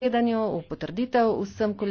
predsedanju, v potrditev vsem kolegom.